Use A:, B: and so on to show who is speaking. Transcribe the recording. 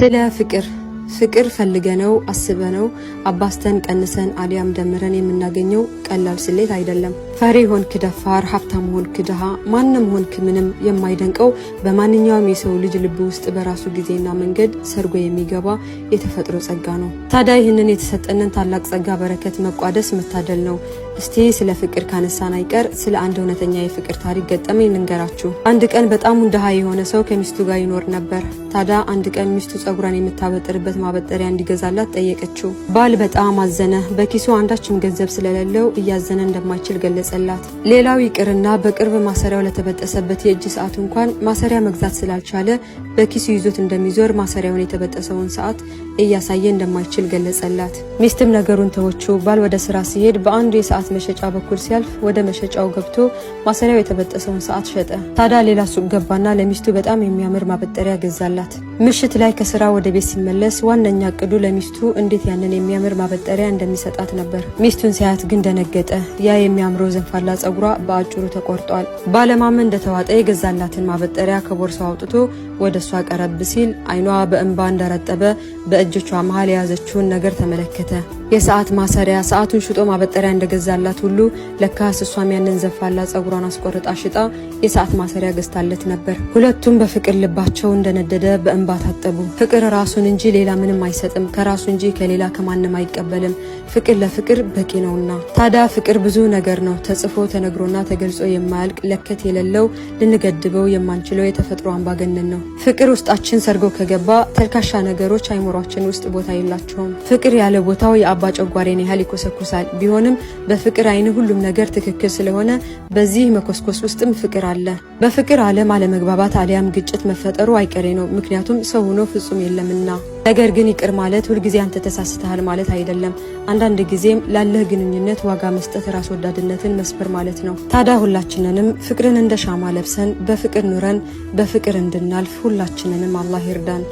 A: ስለ ፍቅር ፍቅር ፈልገነው አስበነው አባስተን ቀንሰን አሊያም ደምረን የምናገኘው ቀላል ስሌት አይደለም። ፈሪ ሆንክ ደፋር፣ ሀብታም ሆንክ ድሃ፣ ማንም ሆንክ ምንም የማይደንቀው በማንኛውም የሰው ልጅ ልብ ውስጥ በራሱ ጊዜና መንገድ ሰርጎ የሚገባ የተፈጥሮ ጸጋ ነው። ታዲያ ይህንን የተሰጠንን ታላቅ ጸጋ በረከት መቋደስ መታደል ነው። እስቲ ስለ ፍቅር ካነሳን አይቀር ስለ አንድ እውነተኛ የፍቅር ታሪክ ገጠመኝ ልንገራችሁ። አንድ ቀን በጣም ውንደሃ የሆነ ሰው ከሚስቱ ጋር ይኖር ነበር። ታዲያ አንድ ቀን ሚስቱ ጸጉሯን የምታበጥርበት ማበጠሪያ እንዲገዛላት ጠየቀችው። ባል በጣም አዘነ። በኪሱ አንዳችም ገንዘብ ስለሌለው እያዘነ እንደማይችል ገለጸላት። ሌላው ይቅርና በቅርብ ማሰሪያው ለተበጠሰበት የእጅ ሰዓቱ እንኳን ማሰሪያ መግዛት ስላልቻለ በኪሱ ይዞት እንደሚዞር ማሰሪያውን የተበጠሰውን ሰዓት እያሳየ እንደማይችል ገለጸላት። ሚስትም ነገሩን ተወችው። ባል ወደ ስራ ሲሄድ በአንዱ የሰዓት ሰዓት መሸጫ በኩል ሲያልፍ ወደ መሸጫው ገብቶ ማሰሪያው የተበጠሰውን ሰዓት ሸጠ። ታዲያ ሌላ ሱቅ ገባና ለሚስቱ በጣም የሚያምር ማበጠሪያ ገዛላት። ምሽት ላይ ከስራ ወደ ቤት ሲመለስ ዋነኛ እቅዱ ለሚስቱ እንዴት ያንን የሚያምር ማበጠሪያ እንደሚሰጣት ነበር። ሚስቱን ሲያያት ግን ደነገጠ። ያ የሚያምረው ዘንፋላ ጸጉሯ በአጭሩ ተቆርጧል። ባለማመን እንደተዋጠ የገዛላትን ማበጠሪያ ከቦርሳው አውጥቶ ወደ እሷ ቀረብ ሲል አይኗ በእንባ እንደረጠበ በእጆቿ መሀል የያዘችውን ነገር ተመለከተ። የሰዓት ማሰሪያ ሰዓቱን ሽጦ ማበጠሪያ እንደገዛ እንዳላት ሁሉ ለካስ እሷም ያንን ዘፋላ ጸጉሯን አስቆርጣ ሽጣ የሰዓት ማሰሪያ ገዝታለት ነበር። ሁለቱም በፍቅር ልባቸው እንደነደደ በእንባ ታጠቡ። ፍቅር ራሱን እንጂ ሌላ ምንም አይሰጥም፣ ከራሱ እንጂ ከሌላ ከማንም አይቀበልም። ፍቅር ለፍቅር በቂ ነውና። ታዲያ ፍቅር ብዙ ነገር ነው፣ ተጽፎ ተነግሮና ተገልጾ የማያልቅ ለከት የሌለው ልንገድበው የማንችለው የተፈጥሮ አምባገነን ነው። ፍቅር ውስጣችን ሰርጎ ከገባ ተልካሻ ነገሮች አይምሯችን ውስጥ ቦታ የላቸውም። ፍቅር ያለ ቦታው የአባ ጨጓሬን ያህል ይኮሰኩሳል። ቢሆንም በፍ በፍቅር አይን ሁሉም ነገር ትክክል ስለሆነ በዚህ መኮስኮስ ውስጥም ፍቅር አለ። በፍቅር ዓለም አለመግባባት አሊያም ግጭት መፈጠሩ አይቀሬ ነው። ምክንያቱም ሰው ሆኖ ፍጹም የለምና። ነገር ግን ይቅር ማለት ሁልጊዜ አንተ ተሳስተሃል ማለት አይደለም። አንዳንድ ጊዜም ላለህ ግንኙነት ዋጋ መስጠት ራስ ወዳድነትን መስበር ማለት ነው። ታዲያ ሁላችንንም ፍቅርን እንደ ሻማ ለብሰን በፍቅር ኑረን በፍቅር እንድናልፍ ሁላችንንም አላህ ይርዳን።